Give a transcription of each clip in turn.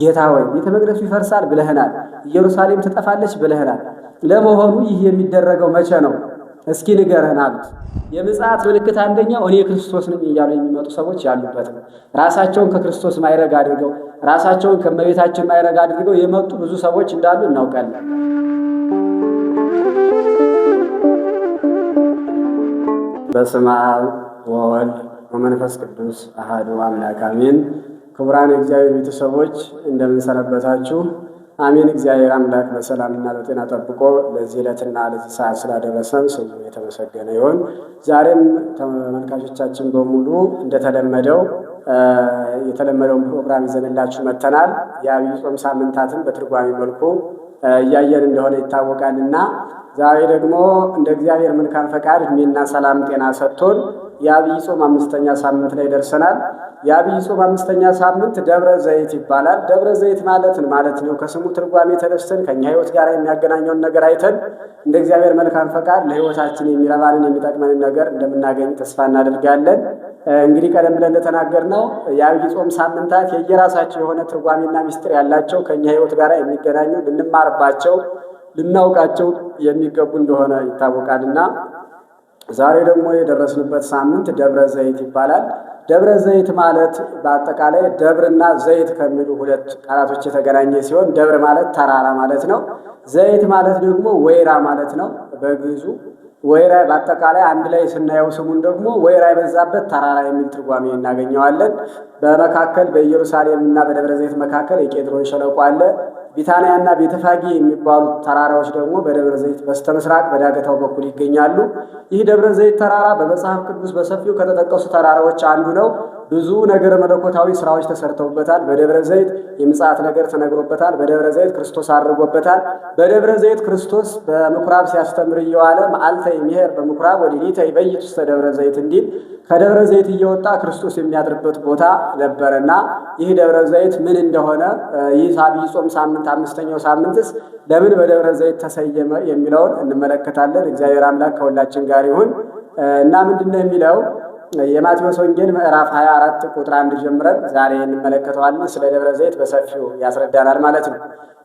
ጌታ ወይ ቤተ መቅደሱ ይፈርሳል ብለህናል፣ ኢየሩሳሌም ትጠፋለች ብለህናል። ለመሆኑ ይህ የሚደረገው መቼ ነው? እስኪ ንገረን አሉት። የምጽአት ምልክት አንደኛው እኔ ክርስቶስ ነኝ እያሉ የሚመጡ ሰዎች ያሉበት ነው። ራሳቸውን ከክርስቶስ ማይረግ አድርገው ራሳቸውን ከእመቤታችን ማይረግ አድርገው የመጡ ብዙ ሰዎች እንዳሉ እናውቃለን። በስመ አብ ወወልድ ወመንፈስ ቅዱስ አሐዱ አምላክ አሜን። ክቡራን የእግዚአብሔር ቤተሰቦች እንደምንሰነበታችሁ። አሜን። እግዚአብሔር አምላክ በሰላምና በጤና ጠብቆ ለዚህ ዕለትና ለዚህ ሰዓት ስላደረሰን ስሙ የተመሰገነ ይሁን። ዛሬም ተመልካቾቻችን በሙሉ እንደተለመደው የተለመደውን ፕሮግራም ይዘንላችሁ መጥተናል። የአብይ ጾም ሳምንታትን በትርጓሜ መልኩ እያየን እንደሆነ እና ዛሬ ደግሞ እንደ እግዚአብሔር መልካም ፈቃድ እድሜና ሰላም ጤና ሰጥቶን የአብይ ጾም አምስተኛ ሳምንት ላይ ደርሰናል። የአብይ ጾም አምስተኛ ሳምንት ደብረ ዘይት ይባላል። ደብረ ዘይት ማለትን ማለት ነው። ከስሙ ትርጓሜ ተነስተን ከኛ ህይወት ጋር የሚያገናኘውን ነገር አይተን እንደ እግዚአብሔር መልካም ፈቃድ ለህይወታችን የሚረባንን የሚጠቅመንን ነገር እንደምናገኝ ተስፋ እናደርጋለን። እንግዲህ ቀደም ብለን እንደተናገርነው የአብይ ጾም ሳምንታት የየራሳቸው የሆነ ትርጓሜና ሚስጥር ያላቸው ከኛ ህይወት ጋር የሚገናኙ ልንማርባቸው ልናውቃቸው የሚገቡ እንደሆነ ይታወቃልና ዛሬ ደግሞ የደረስንበት ሳምንት ደብረ ዘይት ይባላል። ደብረ ዘይት ማለት በአጠቃላይ ደብርና ዘይት ከሚሉ ሁለት ቃላቶች የተገናኘ ሲሆን ደብር ማለት ተራራ ማለት ነው። ዘይት ማለት ደግሞ ወይራ ማለት ነው በግዙ ወይራ በአጠቃላይ አንድ ላይ ስናየው ስሙን ደግሞ ወይራ የበዛበት ተራራ የሚል ትርጓሜ እናገኘዋለን። በመካከል በኢየሩሳሌም እና በደብረ ዘይት መካከል የቄድሮን ሸለቆ አለ። ቢታንያና ቤተፋጌ የሚባሉት ተራራዎች ደግሞ በደብረ ዘይት በስተምስራቅ በዳገታው በኩል ይገኛሉ። ይህ ደብረ ዘይት ተራራ በመጽሐፍ ቅዱስ በሰፊው ከተጠቀሱ ተራራዎች አንዱ ነው። ብዙ ነገር መለኮታዊ ስራዎች ተሰርተውበታል። በደብረ ዘይት የምጽአት ነገር ተነግሮበታል። በደብረ ዘይት ክርስቶስ አድርጎበታል። በደብረ ዘይት ክርስቶስ በምኩራብ ሲያስተምር እየዋለ መዓልተ የሚሄር በምኩራብ ወዲኒተ ይበይት ውስተ ደብረ ዘይት እንዲል ከደብረ ዘይት እየወጣ ክርስቶስ የሚያድርበት ቦታ ነበረና ይህ ደብረ ዘይት ምን እንደሆነ ይህ ዐቢይ ጾም ሳምንት አምስተኛው ሳምንትስ ለምን በደብረ ዘይት ተሰየመ የሚለውን እንመለከታለን። እግዚአብሔር አምላክ ከሁላችን ጋር ይሁን እና ምንድነው የሚለው የማቴዎስ ወንጌል ምዕራፍ 24 ቁጥር አንድ ጀምረን ዛሬ እንመለከተዋለን። ስለ ደብረ ዘይት በሰፊው ያስረዳናል ማለት ነው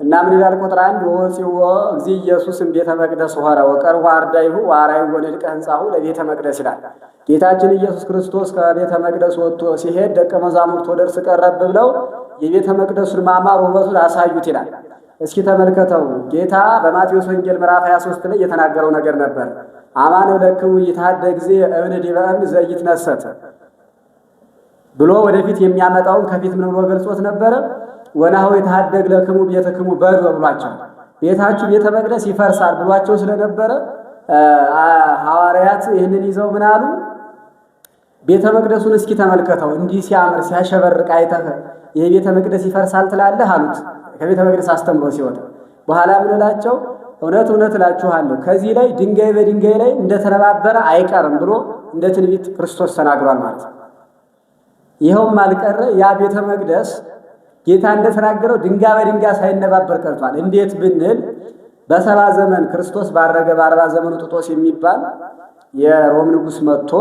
እና ምን ይላል? ቁጥር አንድ ወፂዎ እግዚ ኢየሱስም ቤተ መቅደስ ሆረ ወቀርቡ አርዳይሁ ወአራይሁ ወንድቀ ህንጻሁ ለቤተ መቅደስ ይላል። ጌታችን ኢየሱስ ክርስቶስ ከቤተ መቅደስ ወጥቶ ሲሄድ ደቀ መዛሙርት ወደ እርሱ ቀረብ ብለው የቤተ መቅደሱን ማማር ውበቱን አሳዩት ይላል። እስኪ ተመልከተው ጌታ በማቴዎስ ወንጌል ምዕራፍ 23 ላይ የተናገረው ነገር ነበር። አማን ለክሙ ይታደ ጊዜ እብን ዲበ እብን ነሰተ ብሎ ወደፊት የሚያመጣውን ከፊት ምን ብሎ ገልጾት ነበረ? ወናሁ ለክሙ ቤትክሙ በር ብሏቸው ቤታችሁ ቤተ መቅደስ ይፈርሳል ብሏቸው ስለነበረ ሐዋርያት ይህንን ይዘው ምን አሉ? ቤተ መቅደሱን እስኪ ተመልከተው እንዲህ ሲያምር ሲያሸበርቅ አይተህ ይህ መቅደስ ይፈርሳል ትላለህ አሉት። ከቤተ መቅደስ አስተምሮ ሲወጣ በኋላ ምን እውነት እውነት እላችኋለሁ ከዚህ ላይ ድንጋይ በድንጋይ ላይ እንደተነባበረ አይቀርም ብሎ እንደ ትንቢት ክርስቶስ ተናግሯል ማለት ነው። ይኸውም አልቀረ ያ ቤተ መቅደስ ጌታ እንደተናገረው ድንጋይ በድንጋይ ሳይነባበር ቀርቷል። እንዴት ብንል በሰባ ዘመን ክርስቶስ ባረገ በአርባ ዘመኑ ጥጦስ የሚባል የሮም ንጉሥ መጥቶ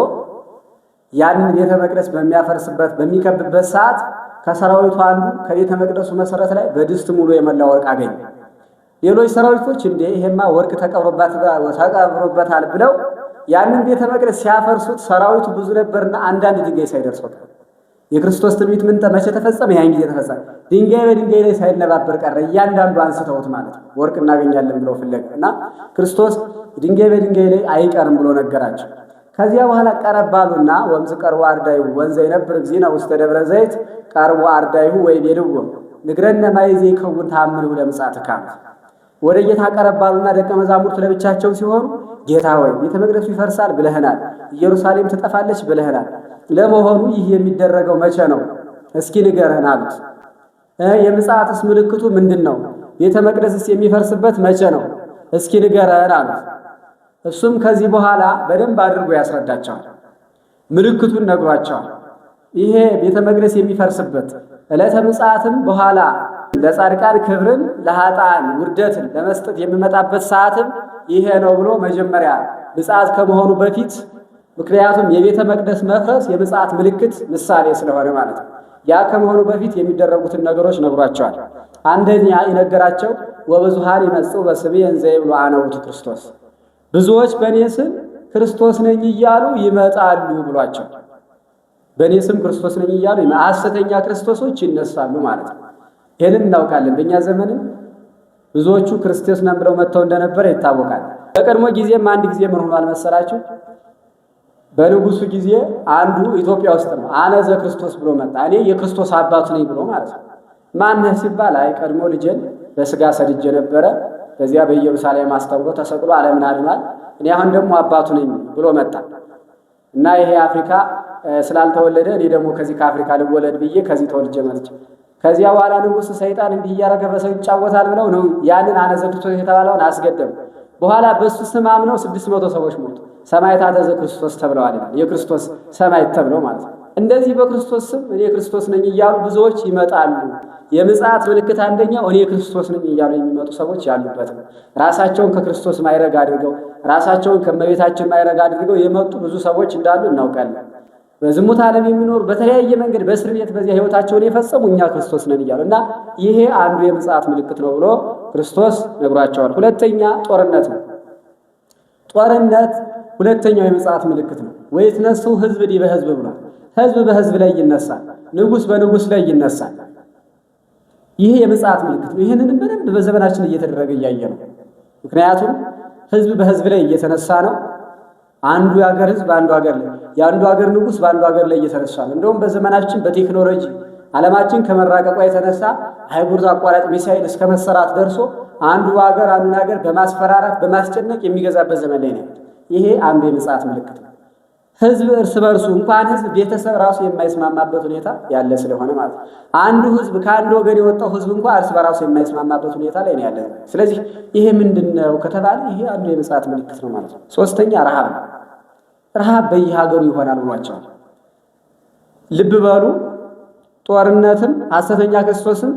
ያንን ቤተ መቅደስ በሚያፈርስበት በሚከብበት ሰዓት ከሰራዊቱ አንዱ ከቤተ መቅደሱ መሰረት ላይ በድስት ሙሉ የሞላ ወርቅ አገኘ። ሌሎች ሰራዊቶች እንዴ ይሄማ ወርቅ ተቀብሮበታል ብለው ያንን ቤተ መቅደስ ሲያፈርሱት ሰራዊቱ ብዙ ነበርና አንዳንድ ድንጋይ ሳይደርሰው የክርስቶስ ትንቢት ምን መቼ ተፈጸመ? ያን ጊዜ ተፈጸመ። ድንጋይ በድንጋይ ላይ ሳይነባበር ቀረ። እያንዳንዱ አንስተውት ማለት ነው። ወርቅ እናገኛለን ብለው ፍለግ እና ክርስቶስ ድንጋይ በድንጋይ ላይ አይቀርም ብሎ ነገራቸው። ከዚያ በኋላ ቀረባሉና አሉና ወምዝ ቀርቦ አርዳይሁ ወንዘ ይነብር እግዚእነ ውስተ ደብረ ዘይት ቀርቦ አርዳይሁ ወይ ቤልዎ ንግረነ ማይዜ ይከውን ተአምር ለምጻትካ ወደ ጌታ ቀረባሉና ደቀ መዛሙርቱ ለብቻቸው ሲሆኑ ጌታ ወይ ቤተ መቅደሱ ይፈርሳል ብለህናል፣ ኢየሩሳሌም ትጠፋለች ብለህናል። ለመሆኑ ይህ የሚደረገው መቼ ነው? እስኪ ንገረን አሉት። የምጽአትስ ምልክቱ ምንድን ነው? ቤተ መቅደስስ የሚፈርስበት መቼ ነው? እስኪ ንገረን አሉት። እሱም ከዚህ በኋላ በደንብ አድርጎ ያስረዳቸዋል። ምልክቱን ነግሯቸዋል። ይሄ ቤተ መቅደስ የሚፈርስበት ዕለተ ምጽአትም በኋላ ለጻድቃን ክብርን ለሀጣን ውርደትን ለመስጠት የሚመጣበት ሰዓትም ይሄ ነው ብሎ መጀመሪያ ብጻት ከመሆኑ በፊት ምክንያቱም የቤተ መቅደስ መፍረስ የብጻት ምልክት ምሳሌ ስለሆነ ማለት ነው። ያ ከመሆኑ በፊት የሚደረጉትን ነገሮች ነግሯቸዋል። አንደኛ ይነገራቸው ወበዙሃን ይመጽኡ በስሜ እንዘ ይብሉ አነ ውእቱ ክርስቶስ፣ ብዙዎች በእኔ ስም ክርስቶስ ነኝ እያሉ ይመጣሉ ብሏቸው፣ በእኔ ስም ክርስቶስ ነኝ እያሉ ሐሰተኛ ክርስቶሶች ይነሳሉ ማለት ነው። ይህንን እናውቃለን። በእኛ ዘመንም ብዙዎቹ ክርስቶስ ነን ብለው መጥተው እንደነበረ ይታወቃል። በቀድሞ ጊዜም አንድ ጊዜ ምን ሆኗል መሰላችሁ? በንጉሱ ጊዜ አንዱ ኢትዮጵያ ውስጥ ነው አነዘ ክርስቶስ ብሎ መጣ። እኔ የክርስቶስ አባቱ ነኝ ብሎ ማለት ነው። ማነህ ሲባል አይ ቀድሞ ልጄን በስጋ ሰድጄ ነበረ፣ በዚያ በኢየሩሳሌም አስተምሮ ተሰቅሎ ዓለምን አድኗል። እኔ አሁን ደግሞ አባቱ ነኝ ብሎ መጣ እና ይሄ አፍሪካ ስላልተወለደ እኔ ደግሞ ከዚህ ከአፍሪካ ልወለድ ብዬ ከዚህ ተወልጄ መጥቼ ከዚያ በኋላ ንጉሱ ሰይጣን እንዲህ እያረገ በሰው ይጫወታል ብለው ነው ያንን አነዘክቶ የተባለውን አስገደሙ። በኋላ በእሱ ስም አምነው ስድስት መቶ ሰዎች ሞቱ። ሰማዕታተ ዘክርስቶስ ተብለዋል። የክርስቶስ ሰማዕት ተብለው ማለት ነው። እንደዚህ በክርስቶስ ስም እኔ ክርስቶስ ነኝ እያሉ ብዙዎች ይመጣሉ። የምጽአት ምልክት አንደኛው እኔ ክርስቶስ ነኝ እያሉ የሚመጡ ሰዎች ያሉበት ነው። ራሳቸውን ከክርስቶስ ማይረግ አድርገው ራሳቸውን ከመቤታችን ማይረግ አድርገው የመጡ ብዙ ሰዎች እንዳሉ እናውቃለን። በዝሙት ዓለም የሚኖሩ በተለያየ መንገድ በእስር ቤት በዚያ ህይወታቸውን የፈጸሙ እኛ ክርስቶስ ነን እያሉ እና ይሄ አንዱ የምጽአት ምልክት ነው ብሎ ክርስቶስ ነግሯቸዋል። ሁለተኛ ጦርነት ነው። ጦርነት ሁለተኛው የምጽአት ምልክት ነው። ወይትነሱ ህዝብ ዲበ ህዝብ ብሏል። ህዝብ በህዝብ ላይ ይነሳል፣ ንጉስ በንጉስ ላይ ይነሳል። ይሄ የምጽአት ምልክት ነው። ይህንን በደንብ በዘመናችን እየተደረገ እያየ ነው። ምክንያቱም ህዝብ በህዝብ ላይ እየተነሳ ነው። አንዱ የሀገር ህዝብ በአንዱ ሀገር ላይ የአንዱ ሀገር ንጉስ በአንዱ ሀገር ላይ ነው። እንደውም በዘመናችን በቴክኖሎጂ አለማችን ከመራቀቋ የተነሳ አህጉር አቋራጭ ሚሳኤል እስከ መሰራት ደርሶ አንዱ ሀገር አንዱን ሀገር በማስፈራራት በማስጨነቅ የሚገዛበት ዘመን ላይ ነው። ይሄ አንዱ የምጽአት ምልክት ነው። ህዝብ እርስ በርሱ እንኳን ህዝብ ቤተሰብ ራሱ የማይስማማበት ሁኔታ ያለ ስለሆነ ማለት ነው። አንዱ ህዝብ ከአንድ ወገን የወጣው ህዝብ እንኳን እርስ በራሱ የማይስማማበት ሁኔታ ላይ ነው ያለ። ስለዚህ ይሄ ምንድን ነው ከተባለ ይሄ አንዱ የምጽአት ምልክት ነው ማለት ነው። ሶስተኛ ረሃብ ነው። ረሃብ በየሀገሩ ይሆናል ብሏቸዋል። ልብ በሉ። ጦርነትም ሐሰተኛ ክርስቶስም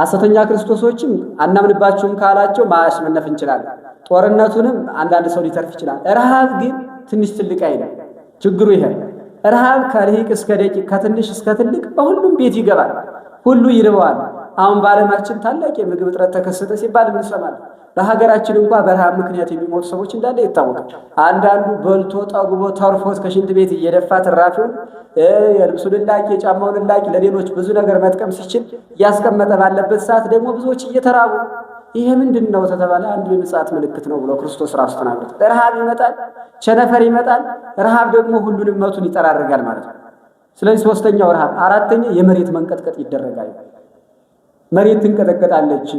ሐሰተኛ ክርስቶሶችም አናምንባችሁም ካላቸው ማሸነፍ እንችላለን። ጦርነቱንም አንዳንድ ሰው ሊተርፍ ይችላል። ረሃብ ግን ትንሽ ትልቅ አይልም። ችግሩ ይሄ ረሃብ ከልሂቅ እስከ ደቂቅ ከትንሽ እስከ ትልቅ በሁሉም ቤት ይገባል። ሁሉ ይርበዋል። አሁን በዓለማችን ታላቅ የምግብ እጥረት ተከሰተ ሲባል እንሰማለን። በሀገራችን እንኳ በረሃብ ምክንያት የሚሞቱ ሰዎች እንዳለ ይታወቃል። አንዳንዱ በልቶ ጠግቦ ተርፎት ከሽንት ቤት እየደፋ ትራፊውን የልብሱን ላቂ የጫማውን ላቂ ለሌሎች ብዙ ነገር መጥቀም ሲችል እያስቀመጠ ባለበት ሰዓት ደግሞ ብዙዎች እየተራቡ ይሄ ምንድን ነው ተተባለ፣ አንዱ የምጽአት ምልክት ነው ብሎ ክርስቶስ ራሱ ተናግሯል። ረሃብ ይመጣል፣ ቸነፈር ይመጣል። ረሃብ ደግሞ ሁሉንም መቱን ይጠራርጋል ማለት ነው። ስለዚህ ሶስተኛው ረሃብ። አራተኛ የመሬት መንቀጥቀጥ ይደረጋል። መሬት ትንቀጠቀጣለች።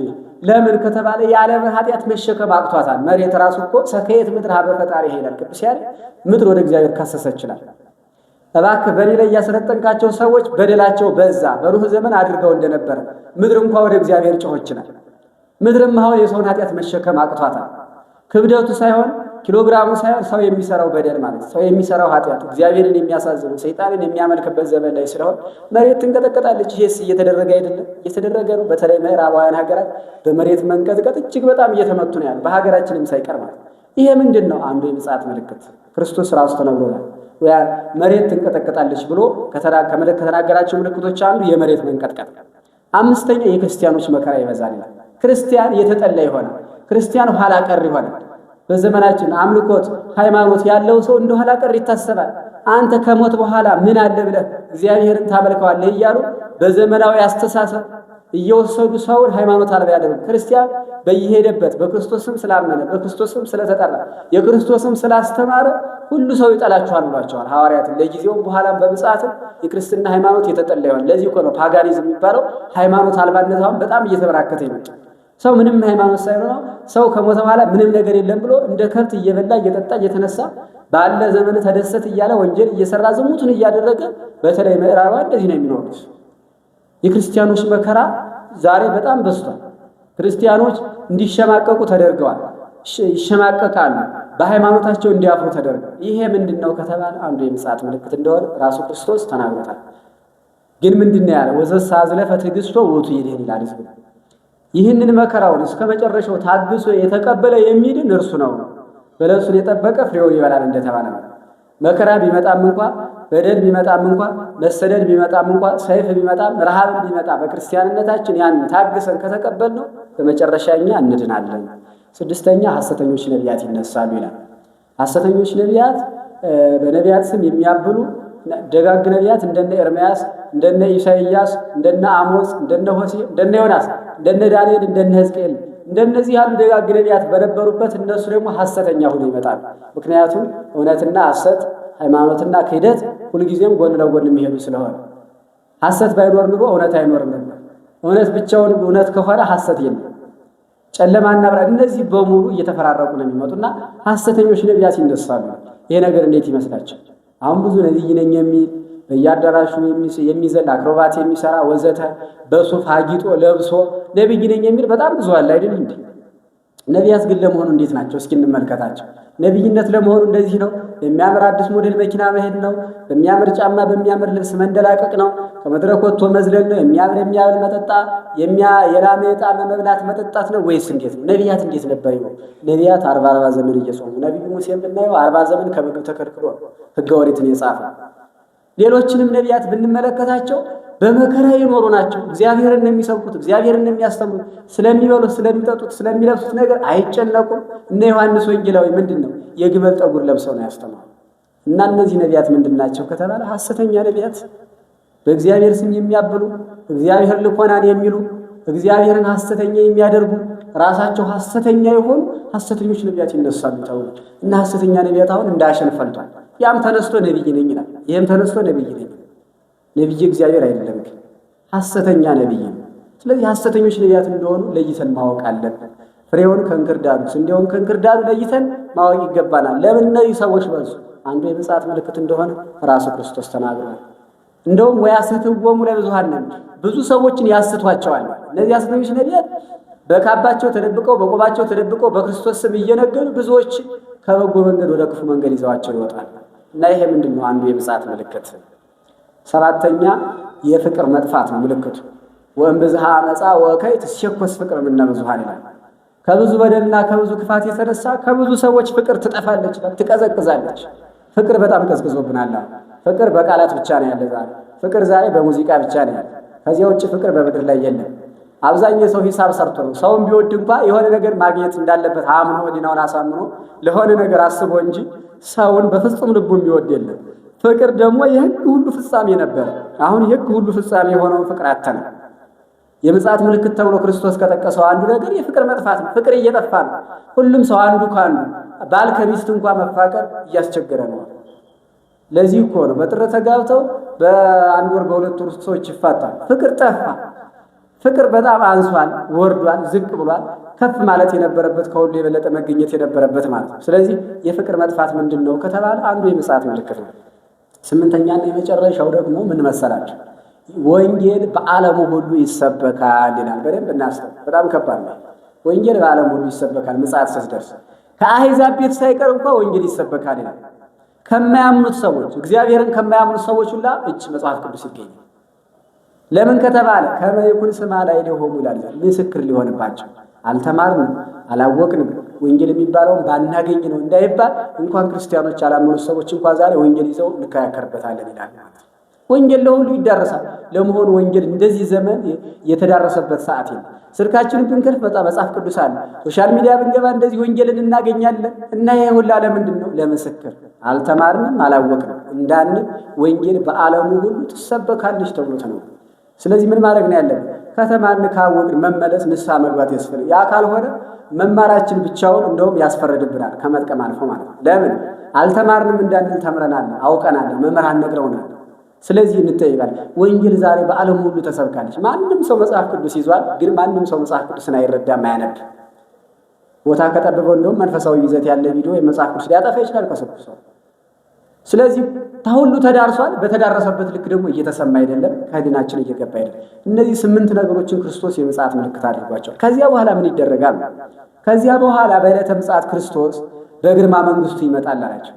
ለምን ከተባለ የዓለምን ኃጢአት መሸከም አቅቷታል። መሬት ራሱ እኮ ሰከየት ምድር ሀበ ፈጣሪ ይላል ቅዱስ ያሬድ። ምድር ወደ እግዚአብሔር ካሰሰ ይችላል። እባክህ በእኔ ላይ ያሰለጠንካቸው ሰዎች በደላቸው በዛ። በኑህ ዘመን አድርገው እንደነበረ ምድር እንኳ ወደ እግዚአብሔር ጮኸች ይችላል። ምድርም አሁን የሰውን ኃጢአት መሸከም አቅቷታል። ክብደቱ ሳይሆን ኪሎግራሙ ሳይሆን ሰው የሚሰራው በደል ማለት ሰው የሚሰራው ኃጢአት እግዚአብሔርን የሚያሳዝነው ሰይጣንን የሚያመልክበት ዘመን ላይ ስለሆን መሬት ትንቀጠቀጣለች። ይሄስ እየተደረገ አይደለም? እየተደረገ ነው። በተለይ ምዕራባውያን ሀገራት በመሬት መንቀጥቀጥ እጅግ በጣም እየተመቱ ነው ያለ በሀገራችንም ሳይቀር ማለት ይሄ ምንድን ነው? አንዱ የምጽአት ምልክት ክርስቶስ ራሱ ተነግሮናል። መሬት ትንቀጠቀጣለች ብሎ ከተናገራቸው ምልክቶች አንዱ የመሬት መንቀጥቀጥ፣ አምስተኛ የክርስቲያኖች መከራ ይበዛል። ክርስቲያን የተጠላ ይሆናል። ክርስቲያን ኋላ ቀር ይሆናል። በዘመናችን አምልኮት ሃይማኖት ያለው ሰው እንደኋላ ቀር ይታሰባል። አንተ ከሞት በኋላ ምን አለ ብለህ እግዚአብሔርን ታመልከዋለህ እያሉ በዘመናዊ አስተሳሰብ እየወሰዱ ሰውን ሃይማኖት አልባ ያደረጉ ክርስቲያን በየሄደበት በክርስቶስም ስላመነ በክርስቶስም ስለተጠራ የክርስቶስም ስላስተማረ ሁሉ ሰው ይጠላችኋል ብሏቸዋል ሐዋርያትን። ለጊዜውም በኋላም በምጽአትም የክርስትና ሃይማኖት የተጠላ ይሆናል። ለዚህ እኮ ነው ፓጋኒዝም የሚባለው ሃይማኖት አልባነት አሁን በጣም እየተበራከተ ይመጣል። ሰው ምንም ሃይማኖት ሳይሆነው ሰው ከሞተ በኋላ ምንም ነገር የለም ብሎ እንደ ከብት እየበላ እየጠጣ እየተነሳ ባለ ዘመን ተደሰት እያለ ወንጀል እየሰራ ዝሙቱን እያደረገ በተለይ ምዕራባ እንደዚህ ነው የሚኖሩት። የክርስቲያኖች መከራ ዛሬ በጣም በዝቷል። ክርስቲያኖች እንዲሸማቀቁ ተደርገዋል። ይሸማቀቃሉ። በሃይማኖታቸው እንዲያፍሩ ተደርገዋል። ይሄ ምንድን ነው ከተባለ አንዱ የምጽአት ምልክት እንደሆነ ራሱ ክርስቶስ ተናግሮታል። ግን ምንድን ነው ያለ? ዝለፈ ትዕግሥቶ ውእቱ ይድኅን ይላል። ይህንን መከራውን እስከ መጨረሻው ታግሶ የተቀበለ የሚድን እርሱ ነው። በለሱን የጠበቀ ፍሬውን ይበላል እንደተባለ ነው። መከራ ቢመጣም እንኳ በደል ቢመጣም እንኳ መሰደድ ቢመጣም እንኳ ሰይፍ ቢመጣም ረሃብ ቢመጣ በክርስቲያንነታችን ያን ታግሰን ከተቀበል ነው በመጨረሻ እኛ እንድናለን። ስድስተኛ ሐሰተኞች ነቢያት ይነሳሉ ይላል። ሐሰተኞች ነቢያት በነቢያት ስም የሚያብሉ ደጋግ ነቢያት እንደነ ኤርምያስ እንደነ ኢሳይያስ እንደነ አሞጽ እንደነ ሆሴ፣ እንደነ ዮናስ እንደነ ዳንኤል እንደነ ህዝቅኤል እንደነዚህ ያሉ ደጋግ ነቢያት በነበሩበት እነሱ ደግሞ ሐሰተኛ ሆኖ ይመጣል። ምክንያቱም እውነትና ሐሰት ሃይማኖትና ክህደት ሁልጊዜም ጎን ለጎን የሚሄዱ ስለሆነ ሐሰት ባይኖር ኑሮ እውነት አይኖርም ነበር። እውነት ብቻውን እውነት ከሆነ ሐሰት የለም። ጨለማና ብርሃን እነዚህ በሙሉ እየተፈራረቁ ነው የሚመጡና ሐሰተኞች ነቢያት ይነሳሉ። ይሄ ነገር እንዴት ይመስላቸው? አሁን ብዙ ነቢይ ነኝ የሚል በየአዳራሹ የሚዘል አክሮባት የሚሰራ ወዘተ በሱፍ አጊጦ ለብሶ ነቢይ ነኝ የሚል በጣም ብዙ አለ አይደል እንዴ? ነቢያት ግን ለመሆኑ እንዴት ናቸው? እስኪ እንመልከታቸው። ነቢይነት ለመሆኑ እንደዚህ ነው። በሚያምር አዲስ ሞዴል መኪና መሄድ ነው። በሚያምር ጫማ፣ በሚያምር ልብስ መንደላቀቅ ነው። ከመድረክ ወጥቶ መዝለል ነው። የሚያምር የሚያብል መጠጣ የላመ የጣመ መብላት መጠጣት ነው ወይስ እንዴት ነው? ነቢያት እንዴት ነበር ይሆን? ነቢያት አርባ አርባ ዘመን እየጾሙ ነቢዩ ሙሴን ብናየው አርባ ዘመን ከምግብ ተከልክሎ ሕገ የጻፈ ሌሎችንም ነቢያት ብንመለከታቸው በመከራ የኖሩ ናቸው። እግዚአብሔርን ነው የሚሰብኩት፣ እግዚአብሔርን ነው የሚያስተምሩት። ስለሚበሉት፣ ስለሚጠጡት፣ ስለሚለብሱት ነገር አይጨነቁም። እነ ዮሐንስ ወንጌላዊ ምንድን ነው የግመል ጠጉር ለብሰው ነው ያስተማሩ እና እነዚህ ነቢያት ምንድን ናቸው ከተባለ ሐሰተኛ ነቢያት በእግዚአብሔር ስም የሚያብሉ እግዚአብሔር ልኮናን የሚሉ እግዚአብሔርን ሐሰተኛ የሚያደርጉ ራሳቸው ሐሰተኛ የሆኑ ሐሰተኞች ነቢያት ይነሳሉ ተብሏል እና ሐሰተኛ ነቢያት አሁን እንደ አሸን ፈልቷል። ያም ተነስቶ ነቢይ ነኝ ይላል። ይህም ተነስቶ ነቢይ ነኝ ነቢይ እግዚአብሔር አይደለም ግን ሐሰተኛ ነቢይ ነው። ስለዚህ ሐሰተኞች ነቢያት እንደሆኑ ለይተን ማወቅ አለብን። ፍሬውን ከእንክርዳዱ ስንዴውን ከእንክርዳዱ ለይተን ማወቅ ይገባናል። ለምን እነዚህ ሰዎች በዙ? አንዱ የምጽአት ምልክት እንደሆነ ራሱ ክርስቶስ ተናግሯል። እንደውም ወያስህትወሙ ለብዙኃን ነው ብዙ ሰዎችን ያስቷቸዋል። እነዚህ ሐሰተኞች ነቢያት በካባቸው ተደብቀው በቆባቸው ተደብቀው በክርስቶስ ስም እየነገዱ ብዙዎች ከበጎ መንገድ ወደ ክፉ መንገድ ይዘዋቸው ይወጣል። እና ይሄ ምንድን ነው? አንዱ የምጽአት ምልክት። ሰባተኛ የፍቅር መጥፋት ነው ምልክቱ። ወእምብዝሃ አመፃ ወከይ ትሸኮስ ፍቅር ምነ ብዙሃን ይላል። ከብዙ በደልና ከብዙ ክፋት የተነሳ ከብዙ ሰዎች ፍቅር ትጠፋለች፣ ትቀዘቅዛለች። ፍቅር በጣም ቀዝቅዞብናል። ፍቅር በቃላት ብቻ ነው ያለ። ዛሬ ፍቅር ዛሬ በሙዚቃ ብቻ ነው ያለ። ከዚያ ውጭ ፍቅር በምድር ላይ የለም። አብዛኛው ሰው ሂሳብ ሰርቶ ነው። ሰውን ቢወድ እንኳ የሆነ ነገር ማግኘት እንዳለበት አምኖ ሊናውን አሳምኖ ለሆነ ነገር አስቦ እንጂ ሰውን በፍጹም ልቡ የሚወድ የለም። ፍቅር ደግሞ የህግ ሁሉ ፍጻሜ ነበር። አሁን የህግ ሁሉ ፍጻሜ የሆነውን ፍቅር አተነ። የምጽአት ምልክት ተብሎ ክርስቶስ ከጠቀሰው አንዱ ነገር የፍቅር መጥፋት ነው። ፍቅር እየጠፋ ነው። ሁሉም ሰው አንዱ ከአንዱ ባል ከሚስት እንኳ መፋቀር እያስቸገረ ነው። ለዚህ እኮ ነው በጥር ተጋብተው በአንድ ወር በሁለት ወር ሰዎች ይፋታል። ፍቅር ጠፋ። ፍቅር በጣም አንሷል፣ ወርዷል፣ ዝቅ ብሏል። ከፍ ማለት የነበረበት ከሁሉ የበለጠ መገኘት የነበረበት ማለት ነው። ስለዚህ የፍቅር መጥፋት ምንድን ነው ከተባለ አንዱ የምጽአት ምልክት ነው። ስምንተኛና የመጨረሻው ደግሞ ምን መሰላቸው? ወንጌል በዓለሙ ሁሉ ይሰበካል ይላል። በደንብ እናስብ። በጣም ከባድ ነው። ወንጌል በዓለሙ ሁሉ ይሰበካል። ምጽአት ስትደርስ ከአሕዛብ ቤት ሳይቀር እንኳ ወንጌል ይሰበካል ይላል። ከማያምኑት ሰዎች እግዚአብሔርን ከማያምኑት ሰዎች ሁላ እጅ መጽሐፍ ቅዱስ ይገኛል። ለምን ከተባለ ከመይኩን ስማ ላይ ሊሆኑ ይላል ምስክር ሊሆንባቸው አልተማርንም፣ አላወቅንም፣ ወንጌል የሚባለውን ባናገኝ ነው እንዳይባል እንኳን ክርስቲያኖች ያላመኑ ሰዎች እንኳ ዛሬ ወንጌል ይዘው እንከራከርበታለን ይላል። ወንጌል ለሁሉ ይዳረሳል። ለመሆኑ ወንጌል እንደዚህ ዘመን የተዳረሰበት ሰዓት ነው። ስልካችንን ብንከፍት መጽሐፍ ቅዱስ አለ። ሶሻል ሚዲያ ብንገባ እንደዚህ ወንጌልን እናገኛለን እና ይሄ ሁላ ለምንድን ነው? ለምስክር አልተማርንም፣ አላወቅንም እንዳንል ወንጌል በዓለሙ ሁሉ ትሰበካለች ተብሎ ተነው። ስለዚህ ምን ማድረግ ነው ያለብን? ከተማን ካወቅን መመለስ ንስሐ መግባት ያስፈልግ። ያ ካልሆነ መማራችን ብቻውን እንደውም ያስፈረድብናል ከመጥቀም አልፎ ማለት ነው። ለምን አልተማርንም እንዳንል ተምረናል፣ አውቀናል፣ መምህራን ነግረውናል። ስለዚህ እንጠይቃል። ወንጌል ዛሬ በዓለም ሁሉ ተሰብካለች። ማንም ሰው መጽሐፍ ቅዱስ ይዟል፣ ግን ማንም ሰው መጽሐፍ ቅዱስን አይረዳም፣ አያነብ ቦታ ከጠበበው እንደውም መንፈሳዊ ይዘት ያለ ቪዲዮ የመጽሐፍ ቅዱስ ሊያጠፋ ይችላል ሰው ስለዚህ ሁሉ ተዳርሷል። በተዳረሰበት ልክ ደግሞ እየተሰማ አይደለም፣ ከህሊናችን እየገባ አይደለም። እነዚህ ስምንት ነገሮችን ክርስቶስ የምጽአት ምልክት አድርጓቸዋል። ከዚያ በኋላ ምን ይደረጋል? ከዚያ በኋላ በዕለተ ምጽአት ክርስቶስ በግርማ መንግስቱ ይመጣል አላቸው።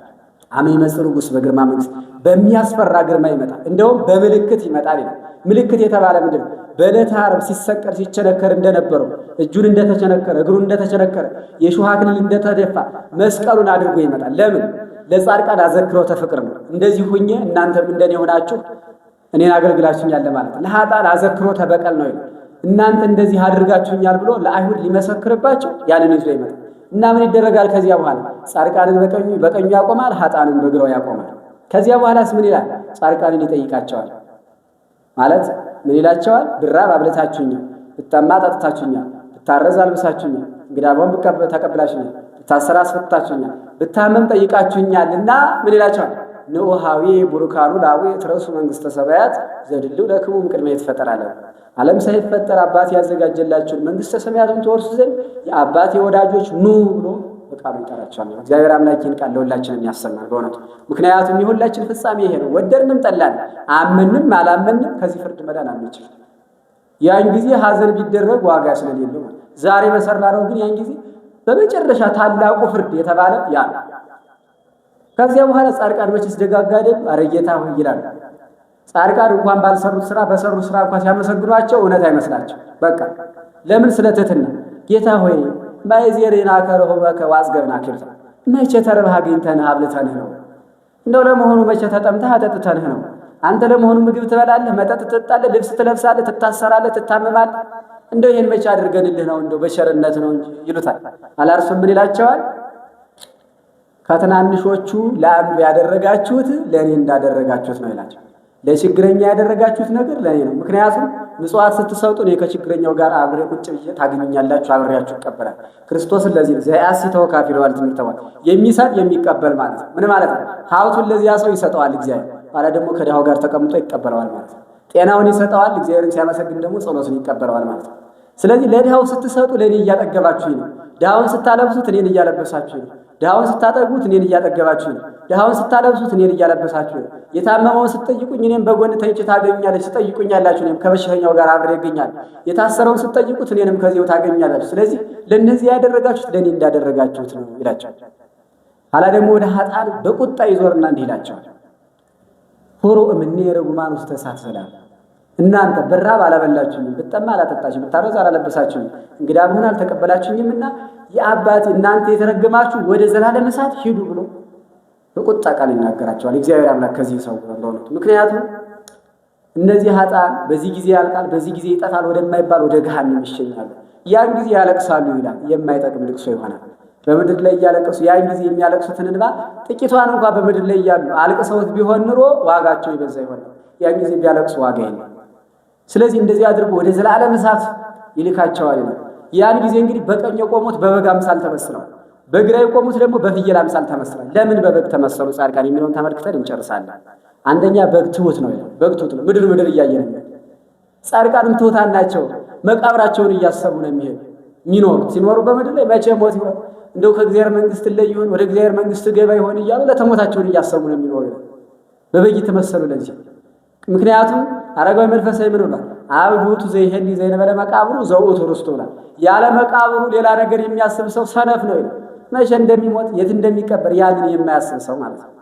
አመ ይመጽእ ንጉሥ በግርማ መንግስት፣ በሚያስፈራ ግርማ ይመጣል። እንደውም በምልክት ይመጣል ይላል። ምልክት የተባለ ምንድን ነው? በዕለተ ዓርብ ሲሰቀል ሲቸነከር እንደነበረው እጁን እንደተቸነከረ እግሩን እንደተቸነከረ የሾህ አክሊል እንደተደፋ መስቀሉን አድርጎ ይመጣል። ለምን ለጻድቃን አዘክሮ ፍቅር ነው። እንደዚህ ሁኜ እናንተም እንደኔ የሆናችሁ እኔን አገልግላችሁኛል ለማለት ለሀጣን አዘክሮ በቀል ነው። እናንተ እንደዚህ አድርጋችሁኛል ብሎ ለአይሁድ ሊመሰክርባቸው ያንን ይዞ ይመጣል እና ምን ይደረጋል? ከዚያ በኋላ ጻድቃንን በቀኙ ያቆማል፣ ሀጣንን በግራው ያቆማል። ከዚያ በኋላስ ምን ይላል? ጻድቃንን ይጠይቃቸዋል። ማለት ምን ይላቸዋል? ብራብ አብለታችሁኛል፣ ብታማ ጠጥታችሁኛል፣ ብታረዝ አልብሳችሁኛል እንግዲህ አበባውን ተቀብላችሁኛል፣ ብታሰራ አስፈታችሁኛል፣ ብታመም ጠይቃችሁኛል እና ምን ይላቸዋል? ንኡሃዊ ቡሩካኑ ላዊ ትረሱ መንግስተ ሰማያት ዘድልው ለክሙም ቅድመ ይትፈጠር አለ። ዓለም ሳይፈጠር አባት ያዘጋጀላችሁን መንግስተ ሰማያትን ትወርሱ ዘንድ የአባቴ ወዳጆች ኑ ብሎ በቃሉ ይጠራቸዋል። እግዚአብሔር አምላክ አምላኪን ቃል ለሁላችንም ያሰማል በእውነቱ። ምክንያቱም የሁላችን ፍጻሜ ይሄ ነው። ወደድንም ጠላን፣ አመንም አላመንም ከዚህ ፍርድ መዳን አንችል። ያን ጊዜ ሀዘን ቢደረግ ዋጋ ስለሌለው ዛሬ በሰራ ነው። ግን ያን ጊዜ በመጨረሻ ታላቁ ፍርድ የተባለ ያ ነው። ከዚያ በኋላ ጻድቃን መቼስ ደጋጋ አይደል? ሆይ ይላል። ጻድቃን እንኳን ባልሰሩት ስራ በሰሩ ስራ እንኳን ሲያመሰግኗቸው እውነት አይመስላቸው። በቃ ለምን ስለትትና ጌታ ሆይ ማይዜሬና ከረሆ በከ ዋዝገብና ክርታ መቼ ተርበህ አግኝተንህ አብልተንህ ነው? እንደው ለመሆኑ መቼ ተጠምተህ አጠጥተንህ ነው? አንተ ለመሆኑ ምግብ ትበላለህ፣ መጠጥ ትጠጣለህ፣ ልብስ ትለብሳለህ፣ ትታሰራለህ፣ ትታመማለህ እንደው ይሄን መቼ አድርገንልህ ነው እንደው በሸርነት ነው እንጂ ይሉታል። አላርሱም ምን ይላቸዋል? ከትናንሾቹ ለአንዱ ያደረጋችሁት ለእኔ እንዳደረጋችሁት ነው ይላቸው። ለችግረኛ ያደረጋችሁት ነገር ለእኔ ነው። ምክንያቱም ምጽዋት ስትሰጡ እኔ ከችግረኛው ጋር አብሬ ቁጭ ብዬ ታገኙኛላችሁ፣ አብሬያችሁ ይቀበላል። ክርስቶስን ለዚህ ነው ካፊለዋል ትምህርተዋል የሚሰጥ የሚቀበል ማለት ነው። ምን ማለት ነው? ሀብቱን ለዚያ ሰው ይሰጠዋል። እግዚአብሔር ኋላ ደግሞ ከድሃው ጋር ተቀምጦ ይቀበለዋል ማለት ነው። ጤናውን ይሰጠዋል። እግዚአብሔርን ሲያመሰግን ደግሞ ጸሎቱን ይቀበለዋል ማለት ነው። ስለዚህ ለድሃው ስትሰጡ ለእኔ እያጠገባችሁ ነው። ድሃውን ስታለብሱት እኔን እያለበሳችሁ ነው። ድሃውን ስታጠጉት እኔን እያጠገባችሁ ነው። ድሃውን ስታለብሱት እኔን እያለበሳችሁ ነው። የታመመውን ስትጠይቁኝ እኔም በጎን ተኝቼ ታገኛለች ትጠይቁኛላችሁ፣ እኔም ከበሽተኛው ጋር አብሬ ይገኛል። የታሰረውን ስትጠይቁት እኔንም ከዚሁ ታገኛላችሁ። ስለዚህ ለእነዚህ ያደረጋችሁት ለእኔ እንዳደረጋችሁት ነው ይላቸዋል። ኋላ ደግሞ ወደ ሀጣን በቁጣ ይዞርና እንዲህ ይላቸዋል፣ ሁሩ እምኔ ርጉማን ውስተ እሳት ዘላለም እናንተ ብራብ አላበላችሁኝም፣ ብጠማ አላጠጣችሁ፣ ብታረዝ አላለበሳችሁም፣ እንግዳ ብሆን እና የአባት እናንተ የተረገማችሁ ወደ ዘላለም እሳት ሂዱ ብሎ በቁጣ ቃል ይናገራቸዋል። እግዚአብሔር አምላክ ከዚህ ሰው በእውነቱ ምክንያቱም እነዚህ ሀጣን በዚህ ጊዜ ያልቃል፣ በዚህ ጊዜ ይጠፋል፣ ወደማይባል ወደ ገሃነም ይሸኛሉ። ያን ጊዜ ያለቅሳሉ ይላል። የማይጠቅም ልቅሶ ይሆናል። በምድር ላይ እያለቀሱ ያን ጊዜ የሚያለቅሱትን እንባ ጥቂቷን እንኳ በምድር ላይ እያሉ አልቅሰውት ቢሆን ኑሮ ዋጋቸው ይበዛ ይሆናል። ያን ጊዜ ቢያለቅሱ ዋጋ የለም። ስለዚህ እንደዚህ አድርጎ ወደ ዘላለም እሳት ይልካቸዋል። ያን ጊዜ እንግዲህ በቀኝ የቆሙት በበግ አምሳል ተመስለው፣ በግራ የቆሙት ደግሞ በፍየል አምሳል ተመስለው። ለምን በበግ ተመሰሉ ጻድቃን የሚለውን ተመልክተን እንጨርሳለን። አንደኛ በግ ትሁት ነው፣ በግ ትሁት ነው። ምድር ምድር እያየ ነው። ጻድቃንም ትሁታን ናቸው። መቃብራቸውን እያሰቡ ነው የሚሄዱ የሚኖሩት ሲኖሩ በምድር ላይ መቼ ሞት ይሆን እንደው ከእግዚአብሔር መንግስት ላይ ይሆን ወደ እግዚአብሔር መንግስት ገባ ይሆን እያሉ ለተሞታቸውን እያሰቡ ነው የሚኖሩ በበግ የተመሰሉ ለዚህ ምክንያቱም አረጋዊ መንፈሳዊ ምን ብሏል? አብ ዘይሄን ዘይሄድ ዘይነበረ መቃብሩ ዘውእቱ ርስቱ ብሏል። ያለ መቃብሩ ሌላ ነገር የሚያስብ ሰው ሰነፍ ነው ይላል። መቼ እንደሚሞት የት እንደሚቀበር ያንን የማያስብ ሰው ማለት ነው።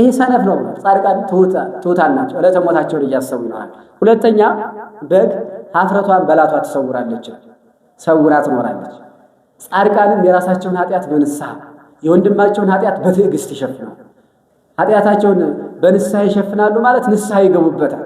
ይሄ ሰነፍ ነው ብሏል። ጻድቃን ትሑታን ናቸው፣ ዕለተ ሞታቸውን እያሰቡ ይኖራል። ሁለተኛ በግ ሀፍረቷን በላቷ ትሰውራለች፣ ሰውራ ትኖራለች። ጻድቃንም የራሳቸውን ኃጢአት በንስሐ የወንድማቸውን ኃጢአት በትዕግስት ይሸፍናል። ኃጢአታቸውን በንስሐ ይሸፍናሉ ማለት ንስሐ ይገቡበታል።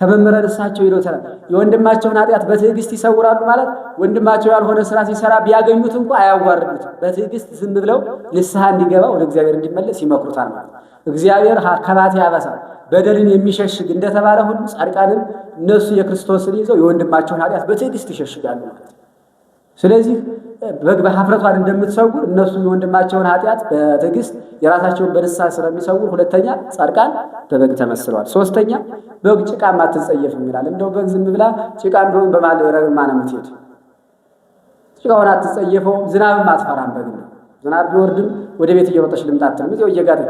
ከመምህረ ንስሐቸው ይሎተናል። የወንድማቸውን ኃጢአት በትዕግስት ይሰውራሉ ማለት ወንድማቸው ያልሆነ ስራ ሲሰራ ቢያገኙት እንኳ አያዋርዱት። በትዕግስት ዝም ብለው ንስሐ እንዲገባ ወደ እግዚአብሔር እንዲመለስ ይመክሩታል ማለት እግዚአብሔር ከባቴ አበሳ በደልን የሚሸሽግ እንደተባለ ሁሉ ጻድቃንም እነሱ የክርስቶስን ይዘው የወንድማቸውን ኃጢአት በትዕግስት ይሸሽጋሉ ማለት ስለዚህ በግ በሀፍረቷን እንደምትሰውር እነሱ የወንድማቸውን ኃጢአት በትዕግስት የራሳቸውን በንስሐ ስለሚሰውር፣ ሁለተኛ ጻድቃን በበግ ተመስለዋል። ሶስተኛ በግ ጭቃ አትጸየፍም ይላል። እንደው በግ ዝም ብላ ጭቃ እንደሆን በማለረግማ ነው የምትሄድ። ጭቃውን አትጸየፈውም፣ ዝናብም አትፈራም። በግ ነው ዝናብ ቢወርድም ወደ ቤት እየሮጠች ልምጣት ነው እየጋት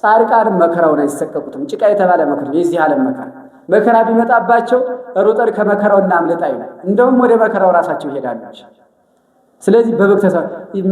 ጻድቃንም መከራውን አይሰቀቁትም። ጭቃ የተባለ መከራ የዚህ ዓለም መከራ መከራ ቢመጣባቸው ሩጠር ከመከራው እናምልጣ ይላል። እንደውም ወደ መከራው ራሳቸው ይሄዳሉ። ስለዚህ በበግ ተሳ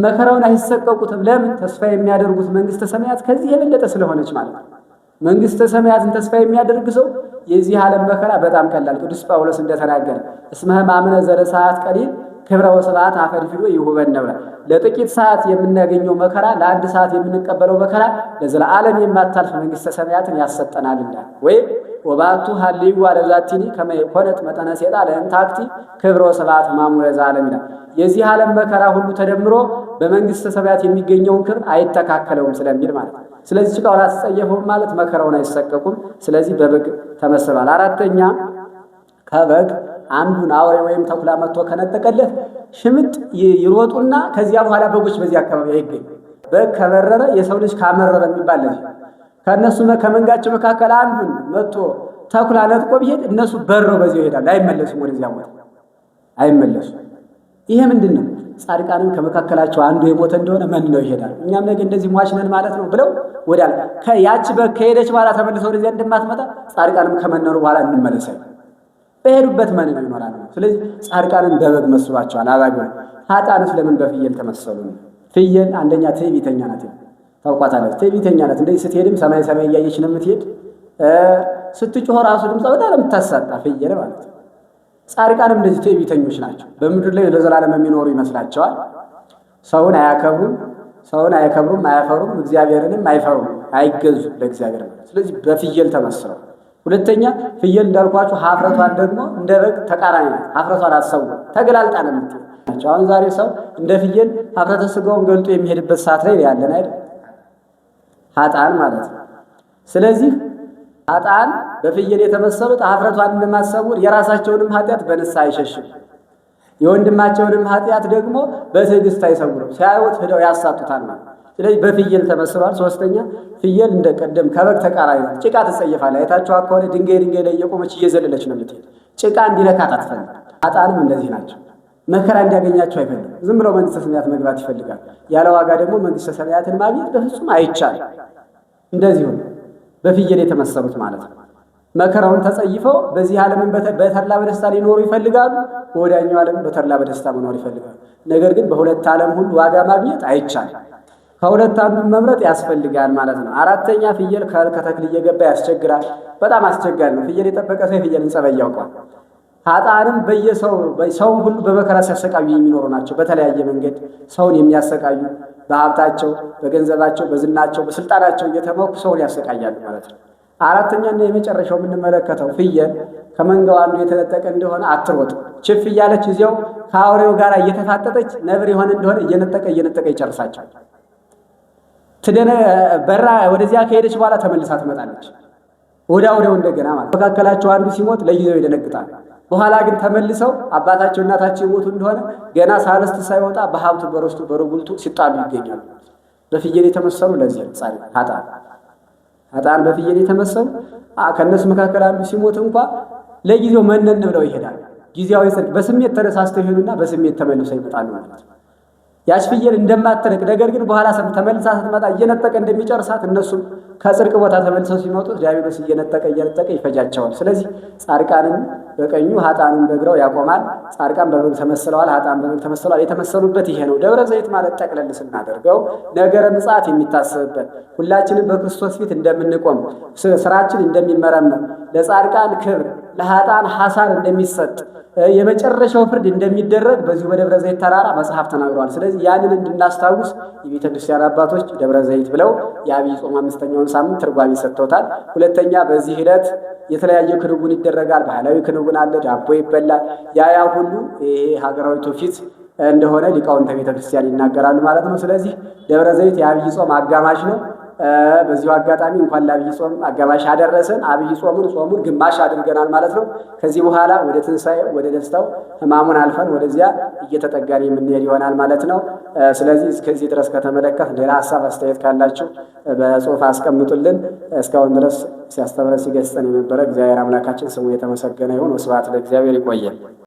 መከራውን አይሰቀቁትም። ለምን ተስፋ የሚያደርጉት መንግስተ ሰማያት ከዚህ የበለጠ ስለሆነች ማለት ነው። መንግስተ ሰማያትን ተስፋ የሚያደርግ ሰው የዚህ ዓለም መከራ በጣም ቀላል። ቅዱስ ጳውሎስ እንደተናገረ እስመ ሕማምነ ሰዓት ቀሊል ክብረ ወስብሐት አፈንጅሎ ይሁበን ብላ ለጥቂት ሰዓት የምናገኘው መከራ ለአንድ ሰዓት የምንቀበለው መከራ ለዘለዓለም የማታልፍ መንግስተ ሰማያትን ያሰጠናልና ወይም ወባቱ ሀልዩ አለዛቲኒ ከመ ኮነት መጠነ ሴጣ ለእንታክቲ ክብረ ወስብሐት ማሙረ ዘዓለም ይላል። የዚህ ዓለም መከራ ሁሉ ተደምሮ በመንግስተ ሰማያት የሚገኘውን ክብር አይተካከለውም ስለሚል ማለት ነው። ስለዚህ ጭቃው አላስጸየፈውም ማለት መከራውን አይሰቀቁም። ስለዚህ በበግ ተመስሏል። አራተኛ ከበግ አንዱን አውሬ ወይም ተኩላ መጥቶ ከነጠቀለት ሽምጥ ይሮጡና ከዚያ በኋላ በጎች በዚህ አካባቢ አይገኝ። በግ ከበረረ የሰው ልጅ ካመረረ የሚባል ከእነሱ ከመንጋቸው መካከል አንዱን መጥቶ ተኩላ ነጥቆ ቢሄድ እነሱ በረው በዚህ ይሄዳሉ፣ አይመለሱም፣ ወደዚያ ቦታ አይመለሱም። ይሄ ምንድን ነው? ጻድቃንን ከመካከላቸው አንዱ የሞተ እንደሆነ መን ነው ይሄዳል፣ እኛም ነገ እንደዚህ ሟች ነን ማለት ነው ብለው ወዳል ያች በግ ከሄደች በኋላ ተመልሰው ወደዚያ እንደማትመጣ ጻድቃንም ከመነኑ በኋላ እንመለሳል። በሄዱበት ማንም ይኖራል። ስለዚህ ጻድቃንን በበግ መስሏቸዋል። አባግ ሀጣንስ ለምን በፍየል ተመሰሉ? ፍየል አንደኛ ትዕቢተኛ ናት፣ ታውቋታለች። ትዕቢተኛ ናት። እንደዚህ ስትሄድም ሰማይ ሰማይ እያየች ነው የምትሄድ። ስትጮህ ራሱ ድምፅ በጣም የምታሳጣ ፍየል ማለት ነው። ጻድቃንም እንደዚህ ትዕቢተኞች ናቸው። በምድር ላይ ለዘላለም የሚኖሩ ይመስላቸዋል። ሰውን አያከብሩም፣ ሰውን አያከብሩም፣ አያፈሩም፣ እግዚአብሔርንም አይፈሩም፣ አይገዙ ለእግዚአብሔር። ስለዚህ በፍየል ተመስለው ሁለተኛ ፍየል እንዳልኳችሁ ሀፍረቷን ደግሞ እንደ በግ ተቃራኒ ናት። ሀፍረቷን አሰው ተገላልጣ ነው የምትሆናቸው። አሁን ዛሬ ሰው እንደ ፍየል ሀፍረተ ስጋውን ገልጦ የሚሄድበት ሰዓት ላይ ያለን አይደል? ሀጣን ማለት ነው። ስለዚህ ሀጣን በፍየል የተመሰሉት ሀፍረቷን እንደማሰውር የራሳቸውንም ኃጢአት በንስሐ አይሸሽም፣ የወንድማቸውንም ኃጢአት ደግሞ በትዕግስት አይሰውርም። ሲያዩት ሂደው ያሳቱታል ማለት ስለዚህ በፍየል ተመስሏል። ሶስተኛ ፍየል እንደቀደም ከበግ ተቃራኒ ነው። ጭቃ ትጸየፋለህ። አይታቸው ከሆነ ድንጋይ ድንጋይ ላይ እየቆመች እየዘለለች ነው የምትሄድ። ጭቃ እንዲለካት አትፈልግ። አጣንም እንደዚህ ናቸው። መከራ እንዲያገኛቸው አይፈልግም። ዝም ብለው መንግስተ ሰማያት መግባት ይፈልጋል። ያለ ዋጋ ደግሞ መንግስተ ሰማያትን ማግኘት በፍጹም አይቻል። እንደዚሁ በፍየል የተመሰሉት ማለት ነው። መከራውን ተጸይፈው በዚህ ዓለምን በተድላ በደስታ ሊኖሩ ይፈልጋሉ። በወዳኛው ዓለም በተድላ በደስታ መኖር ይፈልጋሉ። ነገር ግን በሁለት ዓለም ሁሉ ዋጋ ማግኘት አይቻልም። ከሁለት አንዱን መምረጥ ያስፈልጋል ማለት ነው። አራተኛ ፍየል ከተክል እየገባ ያስቸግራል። በጣም አስቸጋሪ ነው። ፍየል የጠበቀ ሰው የፍየልን ጸባይ ያውቀዋል። ሀጣንም በየሰው ሰውን ሁሉ በመከራ ሲያሰቃዩ የሚኖሩ ናቸው። በተለያየ መንገድ ሰውን የሚያሰቃዩ በሀብታቸው፣ በገንዘባቸው፣ በዝናቸው፣ በስልጣናቸው እየተመኩ ሰውን ያሰቃያሉ ማለት ነው። አራተኛና የመጨረሻው የምንመለከተው ፍየል ከመንጋው አንዱ የተነጠቀ እንደሆነ አትሮጥ። ችፍ እያለች እዚያው ከአውሬው ጋር እየተፋጠጠች ነብር የሆነ እንደሆነ እየነጠቀ እየነጠቀ ይጨርሳቸዋል። በራ ወደዚያ ከሄደች በኋላ ተመልሳ ትመጣለች። ወዳ ወደው እንደገና ማለት መካከላቸው አንዱ ሲሞት ለይዘው ይደነግጣል። በኋላ ግን ተመልሰው አባታቸው እናታቸው የሞቱ እንደሆነ ገና ሳልስት ሳይወጣ በሀብቱ በርስቱ በርጉልቱ ሲጣሉ ይገኛሉ። በፍየል የተመሰሉ ለዚህ ጻሪ ሀጣን ሀጣን በፍየል የተመሰሉ ከእነሱ መካከል አንዱ ሲሞት እንኳ ለጊዜው መነን ብለው ይሄዳል። ጊዜያዊ ጽድቅ በስሜት ተነሳስተው ይሄዱና በስሜት ተመልሰው ይመጣሉ ማለት ነው። ያች ፍየል እንደማትርቅ ነገር ግን በኋላ ተመልሳ ስትመጣ እየነጠቀ እንደሚጨርሳት እነሱም ከጽድቅ ቦታ ተመልሰው ሲመጡ ዲያብሎስ እየነጠቀ እየነጠቀ ይፈጃቸዋል። ስለዚህ ጻድቃንን በቀኙ ሀጣንን በግራው ያቆማል። ጻድቃን በበግ ተመስለዋል፣ ሀጣን በበግ ተመስለዋል። የተመሰሉበት ይሄ ነው። ደብረ ዘይት ማለት ጠቅለል ስናደርገው ነገረ ምጽአት የሚታሰብበት ሁላችንም በክርስቶስ ፊት እንደምንቆም ስራችን እንደሚመረመር ለጻድቃን ክብር ለሀጣን ሀሳር እንደሚሰጥ የመጨረሻው ፍርድ እንደሚደረግ በዚሁ በደብረ ዘይት ተራራ መጽሐፍ ተናግሯል። ስለዚህ ያንን እንድናስታውስ የቤተ ክርስቲያን አባቶች ደብረ ዘይት ብለው የአብይ ጾም አምስተኛውን ሳምንት ትርጓሜ ሰጥተውታል። ሁለተኛ በዚህ ዕለት የተለያየ ክንውን ይደረጋል። ባህላዊ ክንውን አለ፣ ዳቦ ይበላል። ያ ያ ሁሉ ይሄ ሀገራዊ ትውፊት እንደሆነ ሊቃውንተ ቤተ ክርስቲያን ይናገራሉ ማለት ነው። ስለዚህ ደብረ ዘይት የአብይ ጾም አጋማሽ ነው። በዚሁ አጋጣሚ እንኳን ለአብይ ጾም አጋማሽ አደረሰን። አብይ ጾሙን ጾሙን ግማሽ አድርገናል ማለት ነው። ከዚህ በኋላ ወደ ትንሣኤ ወደ ደስታው ህማሙን አልፈን ወደዚያ እየተጠጋን የምንሄድ ይሆናል ማለት ነው። ስለዚህ እስከዚህ ድረስ ከተመለከት ሌላ ሀሳብ አስተያየት ካላችሁ በጽሁፍ አስቀምጡልን። እስካሁን ድረስ ሲያስተምረን ሲገስጸን የነበረ እግዚአብሔር አምላካችን ስሙ የተመሰገነ ይሁን። ስብሐት ለእግዚአብሔር። ይቆየን።